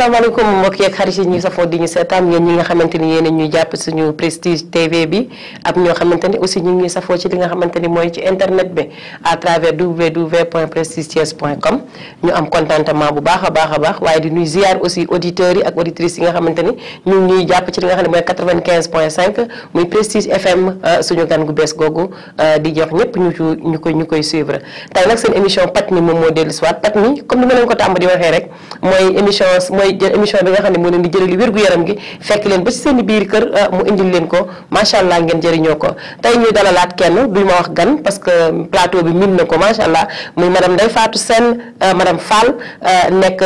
asalaamaaleykum mbokk yeeg xarit yi ñuy safoo di ñu seetaan yéen ñi bi ak ñoo xamante ni aussi safoo ci li nga xamante ni mooy ci ñu am contentement baax a baax a baax waaye di ñuy ziar aussi auditeurs yi ak auditrices yi nga xam ne mooy 95 point 5 muy prestige fm euh, suñu gan gu bees googu euh, di jox ñëpp ñu ci ñu koy ñu koy suivre tey nag seen émission pat ni moom moo dellu siwaat pat ni comme ni ma leen ko tàmm di waxee rek mooy émission mooy ay jël émission bi nga xam ne leen di jëlee li wér-gu-yaram gi fekk leen ba si seen biir kër ah, mu indil leen ko macha allah ngeen jëriñoo ko tey ñuy dalalaat kenn duñ ma wax gan parce que plateau bi min na ko allah muy madame day Fatou sen ah, madame Fall ah, nekk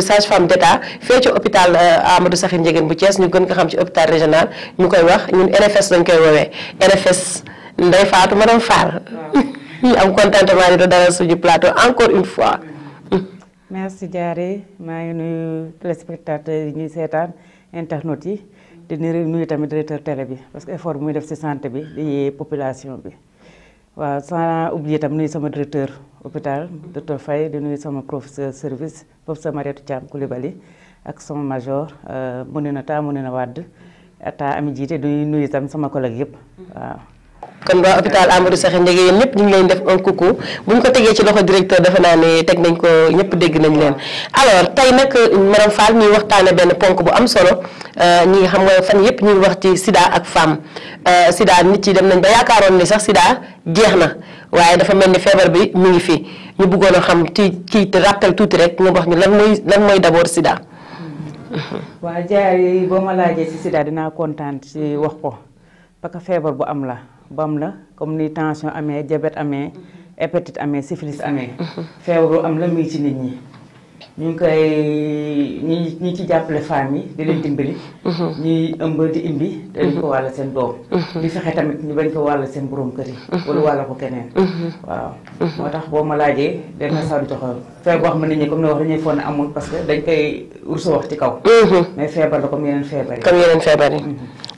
sage femme d'état fee ci hôpital Amadou Sakhir Ndiéguène bu Thiès ñu gën ko xam ci hôpital régional ñu koy wax ñun NFS lañ koy woowee NFS Ndeye Fatou madame Fall ñu am contentement di dalal suñu plateau encore une fois merci Diarra maa ngi nuy téléspectateurs yi ñuy seetaan internautes yi di nuyu tamit directeur télé bi parce que effort bu muy def ci santé bi di population bi waaw sa oublier tam nuyu sama directeur hôpital docteur Faye di nuyu sama professeur service professeur Mariatou Thiam Coulibaly ak sama major euh, mu ne na ta mu ne na wàdd ata ami jiite di nuyu tam sama collègue yëpp waaw kon waa hôpital sax Sakhir Ndiégué yéen ñëpp ñu ngi leen def un coucou bu ñu ko tegee ci loxo directeur dafa naa ne teg nañ ko ñëpp dégg nañ leen alors tey nag madame Fall ñuy waxtaane benn ponk bu am solo euh, ñi xam nga fan yëpp ñu ngi wax ci sida ak femme euh, sida nit yi dem nañ ba yaakaaroon ni sax sida jeex na waaye dafa mel ni feebar bi mu ngi fi ñu buggoon a xam ci ci rappel tuuti rek nga wax ñu lan mooy lan mooy d'abord sida waaw jaay boo ma laajee ci dinaa kontaan ci wax ko parce que feebar bu am la bam la comme ni tension amee diabète amee mhm. hépatite amee syphilis amee mhm. feebaru am la muy ci nit ñi ñu ngi koy ñu ñu ci jàppale femmes yi di leen dimbali mhm. ñuy ëmb di imbi dañ ko wàll seen doom di fexe tamit ñu bañ ko wàll seen borom kër yi wala wàll ko keneen waaw moo tax boo ma laajee dana sadu joxo feebar wax ma nit ñi comme ne wax dañuy foog ne amul parce que dañ koy rusa wax ci kaw mais feebar la comme yeneen feebar yi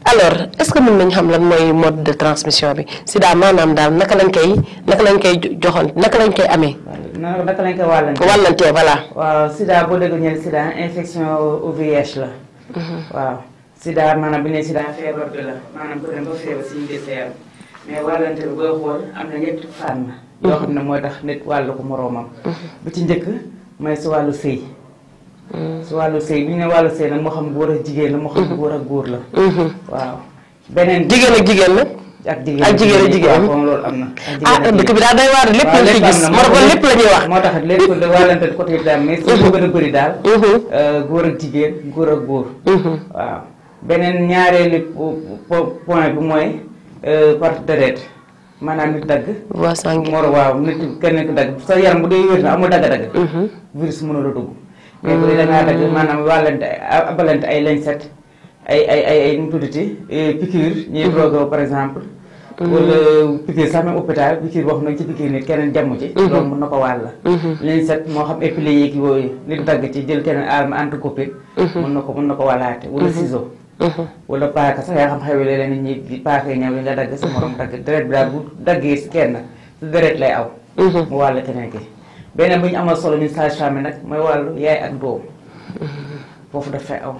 alors est-ce que mën nañ xam lan mooy mode de transmission bi sida maanaam daal naka lañ koy naka lañ koy joxoon naka lañ koy amee. naka lañ koy wàllantee wàllantee voilà. waaw sida boo déggoo ñu ne sida infection au VIH la. Mhm. waaw sida maanaam feebar bi la maanaam ku feebar si ñu dese yaram mais wàllante mhm. mhm. sëy. su wàllu sëy bu ñu ne wàllu sëy nag moo xam góor ak jigéen la moo xam góor ak góor la mm-hmm. Mm-hmm. waaw beneen jigéen ak jigéen la ak jigéen ak jigéen ak jigéen moom loolu am na ah dëkk bi daal day waar lépp lañ fi moo tax lépp la ñuy wax moo tax lépp da wàllante côté bi a bëri daal mm-hmm. euh, góor ak jigéen góor ak góor waaw beneen ñaareelu point bi mooy euh, par deret maanaam nit dagg waaw nit kenn ku dagg sa yaram bu dee wér na amul dagg-dagg virus mënul a dugg mais bu dee dagg maanaam wàllante abalante ay lañset ay ay ay ay nu tuddati piqûre ñuy mhm. par exemple mhm. wala piqûre sax même hôpital piqûre wax na ci piqûre nit keneen jàmm ci donc mhm. mën na ko wàll lañset moo xam épilé yeeg yooyu nit dagg ci jël keneen alma entre copine mën na ko mën na ko wàllaate wala ciseau wala paaka sax yaa xam xew yi la nit ñi paaka yi ñëw yi nga dagg sa morom dagg deret bi daal bu daggee si kenn su deret lay aw mu wàll keneen ki beneen bi ñu amal solo ñun sage-femme nag mooy wàllu yaay ak doom foofu daf aw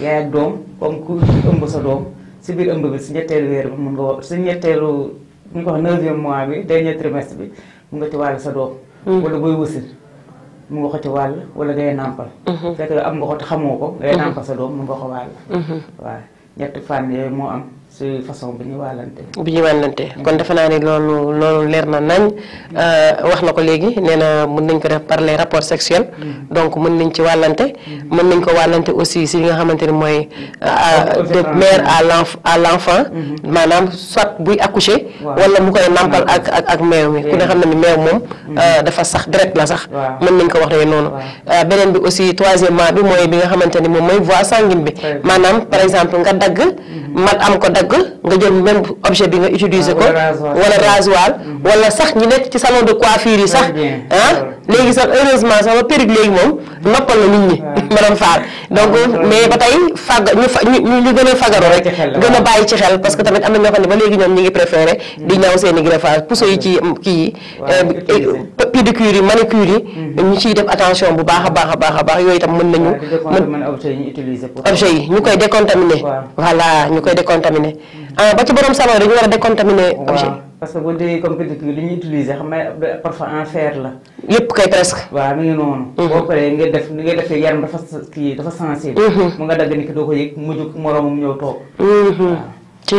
yaay ak doom comme ku ëmb sa doom si ëmb bi si ñetteelu weer bi mun nga wax si ñetteelu mois bi dernier bi mun nga ci wàll sa doom mm. wala booy wasin mun nga ko ci wàll wala ngay nàmpal mm-hmm. fekk am nga ko te xamoo ko ngay mm-hmm. nàmpal sa doom mun nga ko wàll mm-hmm. waaw ñetti fànn yooyu moo am si façon bi ñuy wàllante. kon defe naa ne loolu loolu leer na nañ euh, wax na ko léegi nee na mën nañ ko def par les rapports sexuels. Mm-hmm. donc mën nañ ci wàllante. Mm-hmm. mën nañ ko wàllante aussi si li nga xamante ni mooy. Euh, de mère à l'enfant à l'enfant mm-hmm. maanaam soit nag buy accoucher wala mu koy nàmpal ak ak ak meew mi ku ne xam ne ni meew moom mm-hmm. euh, dafa sax direct la sax mën nañ ko wax ne noonu euh, beneen bi aussi troisièmement bi mooy bi nga xamante ni moom mooy voie sanguine bi maanaam par exemple nga mm-hmm. nga jël même objet bi nga utiliser ah, ko wala rasoir wala mm-hmm. sax ñi nekk ci salon de coiffure yi sax ah léegi sax heureusement sama perruque léegi moom noppal na nit ñi madame Fall donc ah, mais ba tey fàgg ñu ñu gën a fagaru rek gën a bàyyi ci xel parce que tamit am na ñoo xam ne ba léegi ñoom ñi ngi préféré di mm. ñaw seen i greffage puso yi ci mm. kii yi eh, eh, pédicure yi manicure mm. ñu ciy def attention bu baax a baax a baax a baax yooyu tam mën nañu objet yi ñu koy décontaminé voilà ñu koy décontaminé ah ba ci borom salon dañu war a décontaminé que boo déggee comme pédicure la. yëpp kay presque. waaw mi ngi noonu. Mm-hmm. boo paree nga def ni nga defee yaram dafa kii dafa sensible. Mm-hmm. mu nga dagg ni mm-hmm.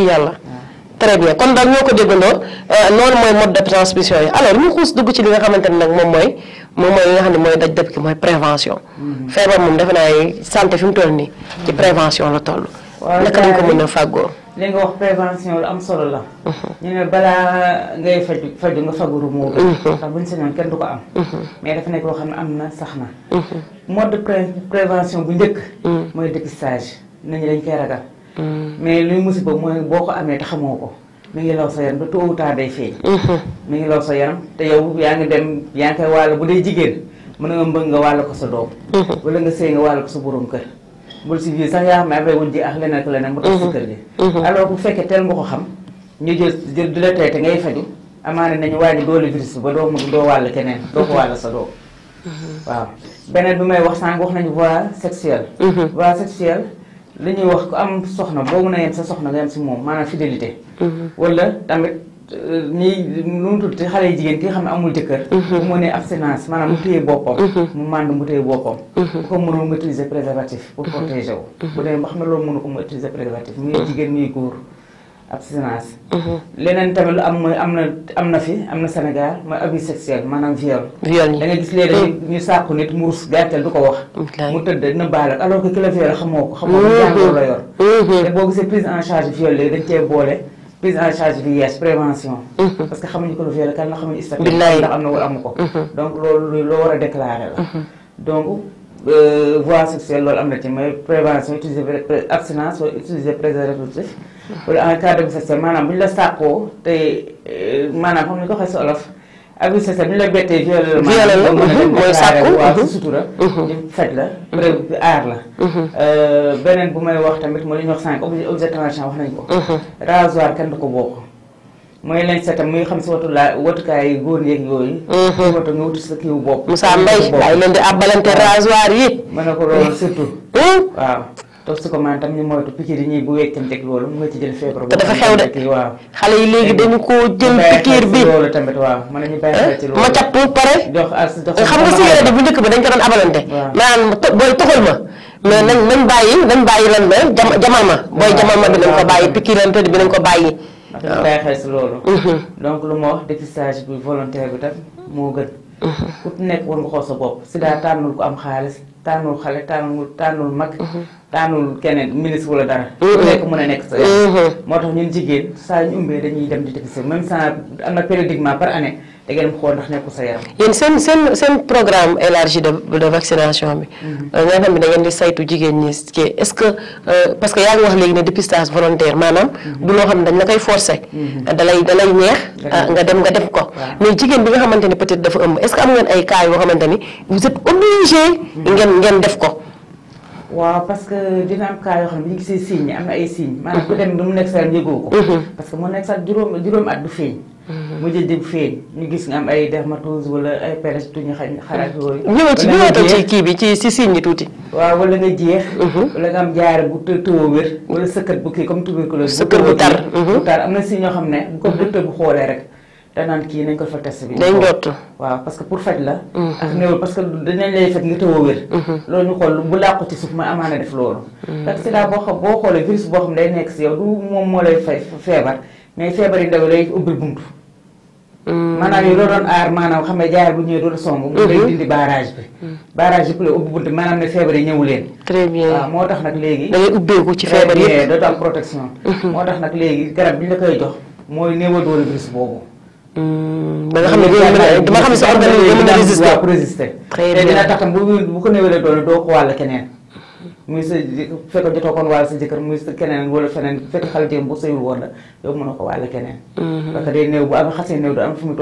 yàlla. très bien kon daal ñoo ko déggandoo noonu euh, mooy mode de transmission yi alors ñu xuus dugg ci li nga xamante nag moom mooy moom mooy mm-hmm. fi mu toll nii. ci mm-hmm. prévention la toll. ko mën a fàggoo. li am solo la. Mm-hmm. ñu ne balaa ngay faju faju nga fagaru moo gën. ndax buñ sañoon kenn am. dafa nekk loo xam ne am na sax na. mode de prévention bu njëkk. Mm. mooy dépistage nit ñi dañ koy ragal. Mm. mais luy musiba mooy boo ko amee te xamoo ko mi ngi law sa yaram ba tôt ou tard day feeñ mm-hmm. mi ngi law sa yaram te yow yaa ngi dem yaa ngi koy wàll bu dee jigéen mën nga mbëgg nga wàll ko sa doom mm-hmm. wala nga sëy nga wàll ko sa borom kër bul si biir sax yaa xam ne amee wuñ ji ak leneen mm-hmm. bu fekkee teel nga ko ñu jël jël di la tey te ngay faju amaana nañu wàññi ba doo mu doo wàll keneen doo sa doom waaw beneen bi may wax sànq wax nañu voie sexuelle voie sexuelle li ñuy wax ku am soxna boo mun a yem sa soxna nga yem si moom maanaam fidélité. Mhm. wala tamit euh, nii lu mu tudd xale yu jigéen ki nga xam ne amul jëkkër. bu mhm. mu nee abstinence maanaam mu téye boppam. Mhm. mu mànd mu téye boppam. bu ko mënul mu utiliser préservatif. pour protéger bu dee ba loolu mënu ko mu utiliser préservatif. muy jigéen muy góor. ab séance. leneen tamit lu am mooy am na am na fi am na Sénégal mooy abus sexuel maanaam viol. viol da nga gis léeg-léeg ñu sàkku nit mu rus gàttal du ko wax. mu tëdd dina baal alors que ki la viol xamoo ko. xamoo ko jàngoro la yor. te boo gisee prise en charge viol léegi dañ cee boole prise en charge yes prévention. parce que xamuñu ko lu viol kan la xamuñu. billaay ndax am na wala amu ko. donc loolu loo war a déclarer la. donc. Euh, voie sexuelle loolu am na ci mooy prévention utiliser abstinence wala utiliser préservatif wala na cas d'abus sexuel maanaam bu ñu la sàkkoo te euh, maanaam xam ni ko xas olof abus sexuel bu ñu la bettee viol la maanaam mooy sàkku waaw si mhm. sutura ñu mhm. faj la mhm. pré aar la euh, beneen bu may wax tamit mooy li ñuy wax sànq objet objet tranchant wax nañ ko rasoir kenn du ko bokk mooy lañ setam muy xam si watu laa watukaay góor yeeg yooyu. su mhm. watu nga sa kiw bopp. Moussa Mbaye ay leen di abbalante rasoir yi. mën na loolu surtout. Hmm? bu wekkanteeg loolu mu nga ci jël feebar. te dafa xew de waaw. xale yi ko jël pikiir bi loolu tamit waaw mën nañu bàyyi xel ci eh? loolu. ma cap pare. dox as dox eh, xam nga cigarette bi bu njëkk ba dañ ko doon abalante. waaw maanaam booy toxal ma. mais nañ nañ bàyyi nañ bàyyi lan la jamal ma. booy jamal ma dinañ ko bàyyi pikiirante bi dinañ ko bàyyi parce que bàyyi xel si loolu mhm. donc lu ma wax dépistage bi volontaire bi tam moo gën mhm. ku nekk war nga xool sa bopp si daa tànnul ku am xaalis tànnul xale tànnul tànnul mag mhm. tànnul keneen ministre wala dara ku nekk mën a nekk sa moo tax ñun jigéen saa ñu umbee dañuy dem di dépister même saa am na périodiquement par année da ngeen xool ndax nekkul seen seen seen programme élargi de vaccination bi. Mhm. Euh, nga xam ne da ngeen di saytu jigéen ñi kii est-ce que euh, parce que yaa ngi wax léegi ne dépistage volontaire maanaam. Mhm. du loo xam ne dañ la koy forcer. Mhm. dalay dalay neex. Ah, nga dem nga def ko. mais jigéen bi nga xamante ne peut-être dafa ëmb est-ce que am ngeen ay cas yoo xamante ni ngeen ngeen def ko. waaw parce que dina am cas yoo xam ne ñu ngi siy signe am na ay signes. maanaam ku dem lu mu nekk sa yaram mu jël jëm feeñ ñu gis nga am ay dermatose wala ay peres tuñu ñu xalaat yooyu. ñëwal ci ñëwaatal ci kii bi ci si yi tuuti. waaw wala nga jeex. Mhm. wala nga am jaare bu të tëwoo wér. wala sëkkat bu kii comme tuberculose. sëkkat bu tar mhm. bu tar am na si ñoo xam ne. bu ko mhm. docteur bu xoolee rek. danaan kii nañ ko fa test bi. day njott waaw parce que pour faj la. ak néew parce que dinañ lay faj nga tëwoo wér. loolu ñu xool bu làqu ci suuf mooy amaana def loolu. parce que boo xam boo xoolee virus boo xam day yi ndaw lay maanaam yow doo doon aar maanaam xam nga jaayal bu ñëwee doo doon song. day dindi barrage bi. barrage bi ku lay ubbi bunt maanaam ne feebar yi ñëw leen. très moo tax nag léegi. da ci feebar yëpp dootoo am protection. moo tax léegi garab bi ñu la koy jox mooy néew doole virus boobu. ba nga xam ne dama xam ne sa organisme dina résister. très bien te dina tax tam bu bu ko néewalee doole doo ko wàll keneen. muy sa fekk jotoo kon waale sa jëkkër muy sa keneen wala feneen fekk xale jigéen bu sëyul woon la yow mënoo ko waale keneen mm-hmm. parce que day néew bu am xasee néew du am fu mu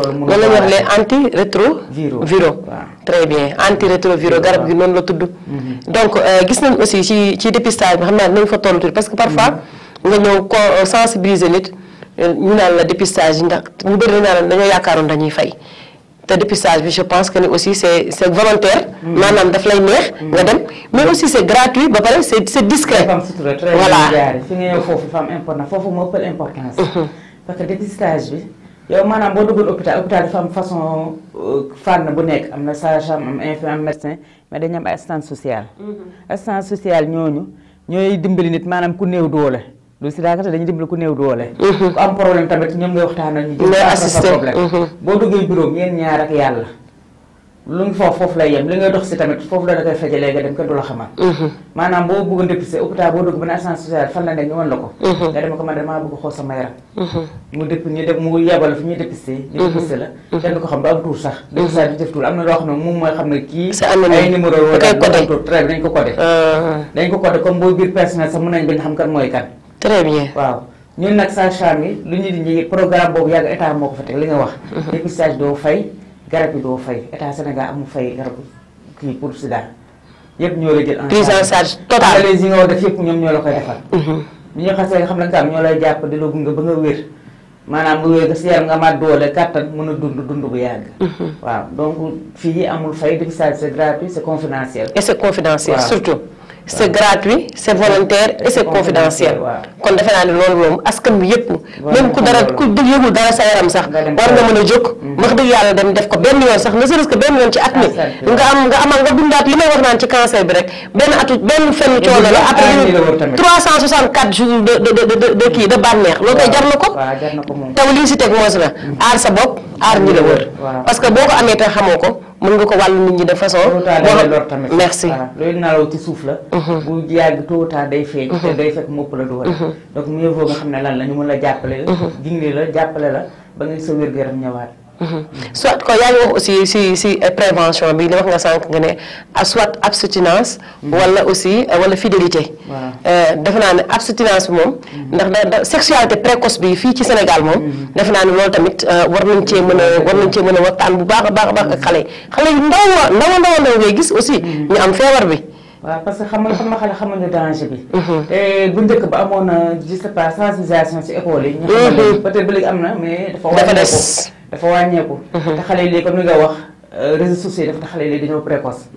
garab gi noonu la tudd mm-hmm. donc euh, gis nañ aussi ci ci dépistage xam naa nañ fa tollu tuuti parce que parfois mm-hmm. nga ñëw ko euh, sensibiliser nit euh, ñu naan la dépistage ndax mu bëri naa la dañoo yaakaaroon dañuy fay te dépistage bi je pense que ni aussi c' est c' est volontaire. Mm. maanaam daf lay neex. Mm. nga dem mais aussi c' est gratuit ba pare c' est c' est discret. voilà fi nga foofu dafa am importance foofu moo ëppal importance. Mm-hmm. parce que dépistage bi yow maanaam boo duggoon hôpital hôpital dafa façon euh, fànn bu nekk am na sage-femme am infirmier am médecin mais dañu am assistance sociale. Mm-hmm. assistance sociale ñooñu ñooy dimbali nit maanaam ku néew doole. du sida kat dañuy dimbali ku néew doole. Mhm. ku am problème tamit ñoom ngay waxtaan ak ñu. ngay assister problème mhm. boo duggee bureau ñeen ñaar ak yàlla. lu mu foofu foofu lay yem li ngay dox si tamit foofu la da koy fajalee nga dem kenn du la xamal. Mhm. maanaam boo bëggoon dépisté hôpital boo dugg ba ne assistance sociale fan la ne ñu wan ko. xam ba am tuur sax. dépistage bi def tuur am na loo xam ne moom mooy xam ne kii. ay numéro yoo xam ne dañ ko ah. ko codé comme boo biir personnel sax mën nañ bañ xam kan mooy kan. très bien waaw ñun nag sage-femme yi lu ñu di programme boobu yàgg état moo ko fa teg li nga wax. Mhm. dépistage doo fay garab yi doo fay état Sénégal amul fay garab kii pour sida yëpp ñoo la jël. en prise en charge totale yi nga war def yëpp la koy defal. Mhm. ñu nga xam ne tam ñoo lay jàpp di la ba nga wér maanaam bu wér nga si yaram nga amaat doole kàttan mën a dund dund bu yàgg. Mhm. waaw donc fii amul fay dépistage c'est gratuit c'est confidentiel. et c'est confidentiel surtout. c' est gratuit c' est volontaire et c' est kon defe naa ne loolu moom askan bi yëpp même ku dara ku yëgul dara sa yaram sax war nga mën a jóg mm-hmm. wax dëgg yàlla dem def ko benn yoon sax nga am nga amal nga dundaat li may wax naan ci cancer bi rek benn atu benn fenn coono la après trois cent soixante quatre jours de de de kii de bànneex loolu koy jar na ko taw li si teg moosi la aar sa bopp aar ñi parce que boo ko amee te xamoo mën nga ko wàllu nit ñi de façon. lor tamit merci. loolu nalaw ci suuf la. Mhm. bu yàgg tôt day feeñ. Mhm. te day fekk mopp la du war mhm. donc mieux vaut nga xam ne lan la ñu la jàppale la. dimbali la jàppale la ba nga sa wér gu ñëwaat. Mhm. soit ko yaa ngi wax aussi si si prévention bi li wax nga sànq nga ne soit abstinence. Mhm. wala aussi euh, wala fidélité. Euh, defe naa ne abstinence moom. Mhm. ndax da sexualité précoce bi fii ci Sénégal moom. def naa ne loolu tamit euh, war nañ cee mën a war nañ cee mën a waxtaan bu baax a baax baax ak xale yi xale yu ndaw a ndaw ndaw ndaw ngay gis aussi. ñu am feebar bi. waaw parce xam nga xam nga xale xamal nga danger bi. te bu njëkk ba amoon na je sais pas sensibilisation yi. am na dafa des dafa wàññeeku. Mhm. te xale yi léegi comme ni nga wax euh, réseaux sociaux yi dafa tax xale yi dañoo précoce.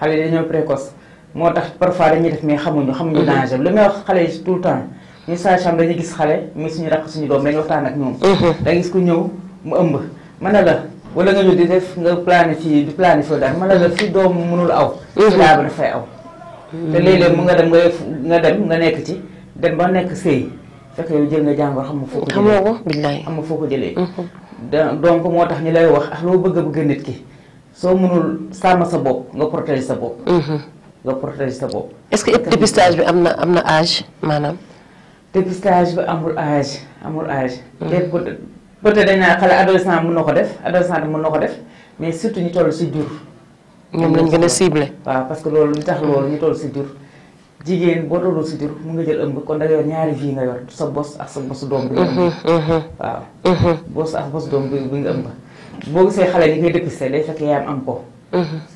xale yi dañoo précoce moo tax parfois dañuy def mais xamuñu xamuñu mhm. danger li may wax xale yi tout le temps ñu saa si dañuy gis xale muy suñu rakk suñu doom dañuy waxtaan ak ñoom. Mhm. da gis ku ñëw mu ëmb mën na la. wala nga ñëw di def nga planifié di planifié daal mën na la fi doom mënul aw. laa ba dafay aw. te léeg-léeg mu nga dem nga nga dem nga nekk ci ba nekk sëy fekk yow jël nga jàngoro xam nga foo foo ko donc moo tax ñu lay wax ak loo bëgg a bëgg nit ki soo mënul sàmm sa bopp nga protéger sa bopp. Mhm. nga protéger sa bopp. est-ce que dépistage bi am na am na âge maanaam. dépistage bi amul âge amul âge. Mhm. te peut-être dañ naa xale adolescent mën na ko def adolescent mën na ko def mais surtout ñu toll si jur. ñoom lañ gën a ciblé. waaw parce que loolu li tax loolu ñu toll si jur. jigéen boo doonul sutur mu nga jël ëmb kon da nga yor ñaari vie nga yor sa bos ak sa bosu doom bi nga ëmb mm-hmm, mm-hmm. waaw mm-hmm. bos ak bosu doom bi bi nga ëmb boo gisee xale ni koy dépisté day fekk yaayam am ko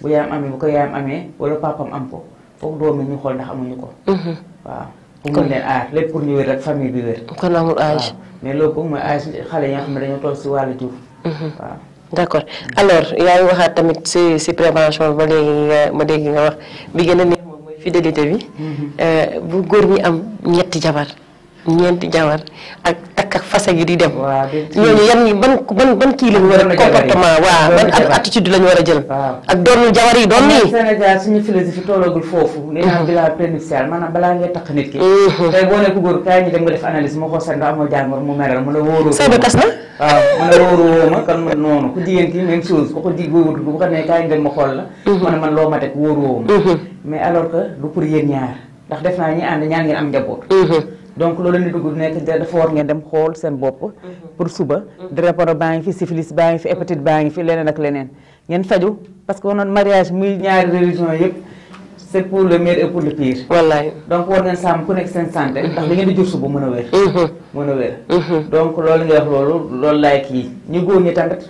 bu yaayam amee bu ko yaayam amee wala papam am ko foog doom yi ñu xool ndax amuñu ko waaw pour mën leen aar lépp pour ñu wér rek famille bi wér kon amul âge mais loolu ko mooy âge xale yi xam ne dañoo toll si wàllu jur waaw d' accord alors waxaat tamit si si prévention ba léegi nga a fidélité bi mm-hmm. euh, bu góor ñi am ñetti jabar ñeenti jabar ak takk ak fase gi di dem ñooñu yan ban ban ban kii lañu comportement waaw ban attitude lañu war a jël ak doon jabar yi doon nii Sénégal suñu philosophie tollagul foofu nee mm-hmm. naa bila prénuptial maanaam balaa ngay takk nit ki mm-hmm. tey boo ne ko góor nga def analyse moo xool sax nga amoo jàngoro mu meral mu la wóoru sëy ba tas na waaw man la wóoru woo ma kon man noonu ku jigéen ki ma xool ma mais alors que lu pour yéen ñaar ndax def naa ñi ànd ñaar ngeen am njaboot. Mhm. donc loolu la ñuy nekk dafa war ngeen dem xool seen bopp. Mhm. pour suba. Mhm. drépano baa ngi fi syphilis baa ngi fi hépatite baa ngi fi leneen ak leneen ngeen faju parce que wonoon mariage muy ñaari religion yëpp c' est pour le meilleur et pour le pire. wallaay donc war ngeen sàmm ku nekk seen santé. ndax da ngeen di jur suba mën a wér. mën a wér. donc loolu nga wax loolu loolu laay kii ñu góor ñi tamit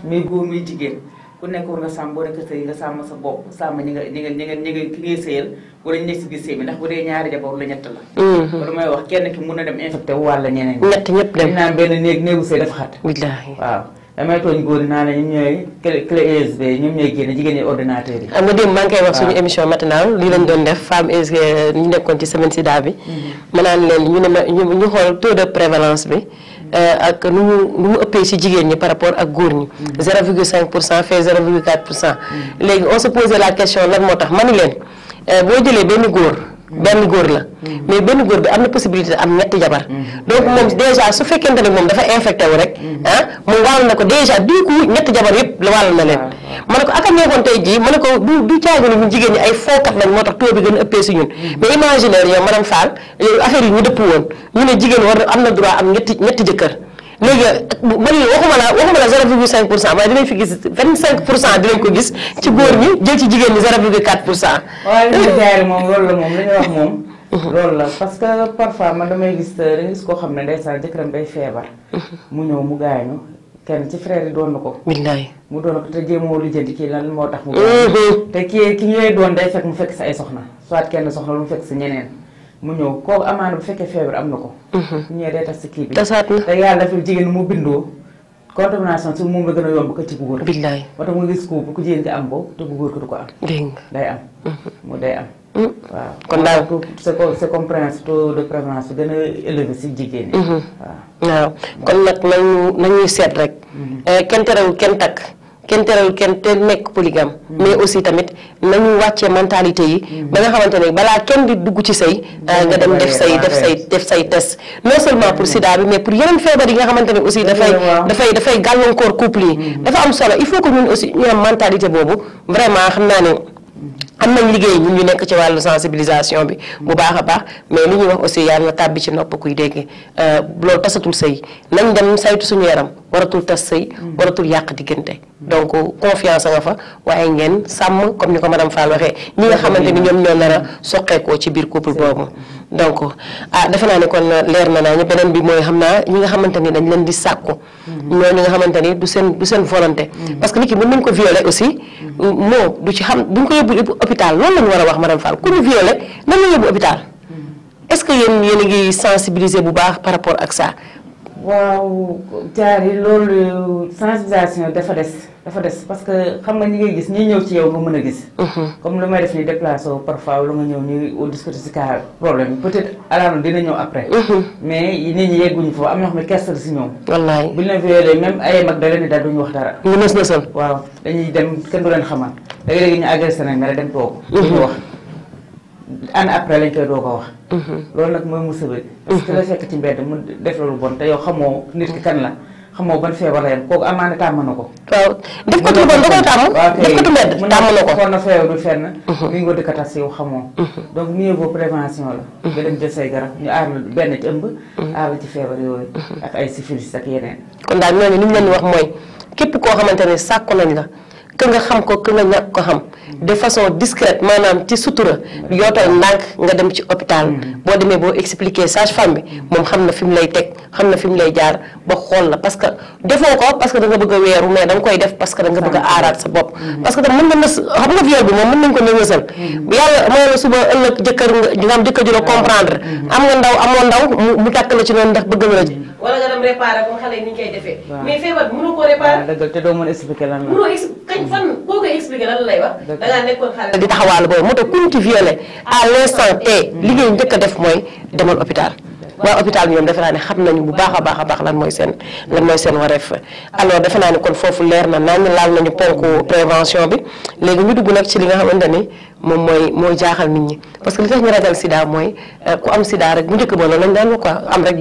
ku nekk war nga sàmm boo nekk sàmm sa bopp sàmm ñi nga ñi nga ñi nga ñi nga ki ngay sëyal wala ñu nekk si biir sëy bi ndax mm-hmm. may wax kenn ki mun na dem infecté wu wàll ñeneen ñett ñëpp dem naan benn néeg néegu waaw damay tooñ góor naa ne ñoom ñooy jigéen ñi ordinateur yi. nga démb maa koy wax suñu émission matinale lii lañ doon def femme ESG ñu nekkoon ci bi. Mm-hmm. ma naan leen ñu ne ma ñu xool taux de prévalence bi. Euh, ak nous nous nu ci jigéen ñi par rapport ak góor 0,5 mm-hmm. fait 0,4 mm-hmm. on se posait la question lan motax tax benn góor la mm-hmm. mais benn góor bi am na possibilité am ñetti jabar mm-hmm. donc moom mm-hmm. déjà su fekkente ne moom dafa infecté rek ah mu wàll na ko déjà du coup ñetti jabar yëpp la wàll na ma ne ko aka neexoon tey jii ma ne ko du du caaginu jigéen ñi ay fookat lañ moo tax taux bi gën a ëppee si ñun mais imaginaire yow madame Fall affaire yi ñu dëpp woon ñu ne jigéen war na am na droit am ñetti ñetti jëkkër léegi man waxuma la waxuma la 0,5 pour cent waaye dinañ fi gis 25 pour cent ko gis ci góor ñi jël ci jigéen ñi 0,4 pour cent. waaye li ñu jaaree moom loolu la moom li ñu wax moom. loolu la parce que parfois man damay gis euh, dañu gis koo xam ne ndeysaan jëkkëram day feebar. mu ñëw mu gaañu kenn ci frère yi doon na ko. billaay mu doon a ko te jéemoo lijjanti kii lan moo tax. mu gaañu mm-hmm. te kii ki ñu lay doon day fekk mu fekk sa ay soxna soit kenn soxna lu mu fekk mu ñëw kooku amaana bu fekkee feebar am na ko. bu mhm. ñëwee tas si kii bi. tasaat na te yàlla dafay jigéen mu bindoo. contamination su moom la gën a yomb ko ci bu góor. billaay ba tax mu gis ko bu ko jigéen ki am ko te bu góor du ko am. dégg day am. Mhm. mu day am. Mm. waaw kon daal sa sa de prévalence bi gën a élevé si jigéen ñi. Mhm. waaw kon nag nañu nañu seet rek. Eh, kenn terewul kenn takk. kenn teral kenn te nekk polygame mais mm. aussi tamit nañu wàccee mentalité yi mm. ba nga xamante ne balaa kenn di dugg ci sëy mm. ah, nga dem def say def say def say test non seulement pour sida bi mais pour yeneen feebar yi nga xamante ne aussi dafay dafay dafay gàllankoor couple yi dafa am solo il faut que ñun aussi ñu am mentalité boobu vraiment xam naa ne am nañ liggéey ñun ñu nekk ci wàllu sensibilisation bi bu baax a baax mais lu ñuy wax aussi yàlla tàbbi ci nopp kuy dégg euh, loolu tasatul sëy nañ dem saytu suñu yaram waratul tas sëy mm. waratul yàq diggante donc confiance nga fa waaye ngeen sàmm comme ni ko madame Fall waxee ñi nga xamante ni ñoom ñoo nar a soqeekoo ci biir couple boobu donc ah defe naa ne kon leer na naa ñu beneen bi mooy xam naa ñi nga xamante ni dañ leen di sàkku mhm. ñoo ñi nga xamante ni du seen du seen volonté mhm. parce que nit ki mën nañ ko violer aussi moo mhm. du ci xam bu duñ ko yóbbu hôpital loolu lañu war a wax madame Fall ku ñu violer nan la yóbbu hôpital est-ce que yéen yéen a ngi sensibiliser bu baax par rapport ak saa waaw jaar yi loolu sensibilisation dafa des dafa des parce que xam nga ñi ngay gis ñi ñëw ci yow nga mën a gis. Mhm. comme lu may def ni déplacé wu parfois lu nga ñëw ñu au discuter si cas problème peut être alaanu dina ñëw après. Mhm. mais nit ñi yegguñu foofu am na xam ne kersa si ñoom. wallaay bu ñu leen violee même ay mag da leen di daal duñu wax dara. ñu nës nësal. waaw dañuy dem kenn du leen xamal léegi dem toog. Mhm. duñu wax. ana après lañ koy doo ko wax. Mhm. loolu nag mooy musiba bi. parce que la mhm. fekk ci mbedd mu def lu bon te yow xamoo nit ki kan la. xamoo ban feebar la yem kooku amaana tàmm na ko. waaw def ko tu bon da koy tàmm. def ko tu mbedd tàmm na ko kon na feebarul fenn. Mhm. mi ngi ko dëkkatas si yow xamoo. donc mieux vaut prévention la. nga dem jël say garab ñu aar la benn ci ëmb. aar la ci feebar yooyu. ak ay syphilis ak yeneen. kon daal ñooñu li ñu leen di wax mooy képp koo xamante ne sàkku nañ la. que nga xam ko que nga ñàkk ko xam de façon discrète maanaam ci sutura yootal ndànk nga dem ci hôpital mm-hmm. boo demee boo expliquer sage-femme bi mm-hmm. moom xam na fi mu lay teg xam na fi mu lay jaar ba xool la parce que defoo ko parce que da nga bëgg a weeru mais da koy def parce que da nga bëgg a aaraat sa bopp mm-hmm. parce que mën na nës xam nga viol bi moom mën nañ ko nësal yàlla mooy la suba ëllëg jëkkër am jëkkër ju la comprendre am nga ndaw amoo ndaw mu tàkk la ci noonu ndax bëgg na la wala nga dem mais feebar bi mënoo koo réparé. te doo mën a expliqué lan la. mënoo expliqué kañ fan koo koy expliqué lay wax. da ngaa nekkoon xale boobu moo tax kuñ ci violé à l' instant T. li ngay njëkk def mooy demal hôpital. waa hôpital ñoom defe naa ne xam nañu bu baax a baax a baax lan mooy seen lan mooy seen wareef alors defe naa ne kon foofu leer na naan laal nañu ponk prévention bi léegi ñu dugg nag ci li nga xamante ni moom mooy mooy jaaxal nit ñi parce que li tax ñu ragal sida mooy euh, ku am rek bu njëkk lañ daan quoi am rek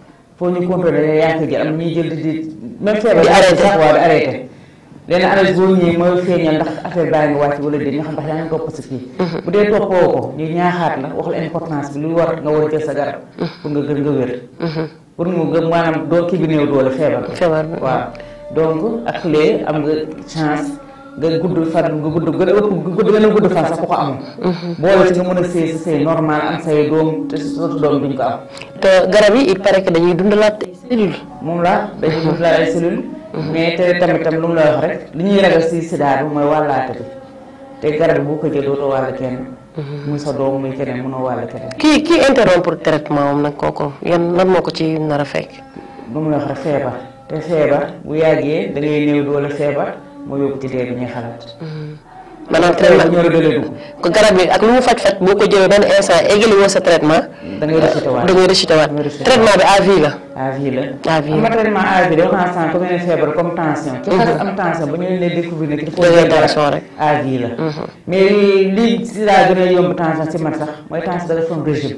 foo ñu complété ne yaa ngi ko jël am ñuy jël di di même feebar di arrêté sax waaw di arrêté léegi nag alal boo ñëwee mooy feeñal ndax affaire baa ngi wàcc wala déet nga ndax yaa ngi topp si kii mhm. bu dee toppoo ko ñu ñaaxaat la wax la importance bi lu war nga war a jël sa garab mhm. pour nga gën nga wér mhm. pour mu gën maanaam doo kii bi doole feebar feebar waaw donc ak lee am nga chance nga gudd fan nga gudd a ëpp gudd gën a gudd fan sax ku ko amul. Mhm. boole ci nga mën a sëy sa sëy normal am say doom te sa doom duñ ko am. te garab yi il paraît que dañuy dundalaat ay moom la dañuy dundalaat ay mhm. te tamit tam lu mu la wax li ñuy ragal si sida bi mooy wàllaate te garab boo ko jël dootoo wàll kenn. Mhm. muy sa doom muy keneen mënoo wàll keneen. kii kii interrompre traitement am nag kooku yan lan moo ko ci nar a fekk. lu mu la wax rek feebar bu yàggee da ngay néew doole feebar. moo yóbbu ci dee bi ñuy xalaat. Mm-hmm. maanaam traitement ko garab yi ak lu mu faj faj boo ko jëlee benn instant eggali sa traitement. da ngay rechuté traitement bi à la. à la à vie la traitement à vie de wax naa sànq feebar comme tension. ci xas am tension ba ñu leen di découvrir ne il faut que rek à la. Mm-hmm. mais li si laa gën a yomb tension ci man sax mooy tension dafa am régime.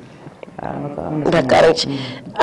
d'accord ci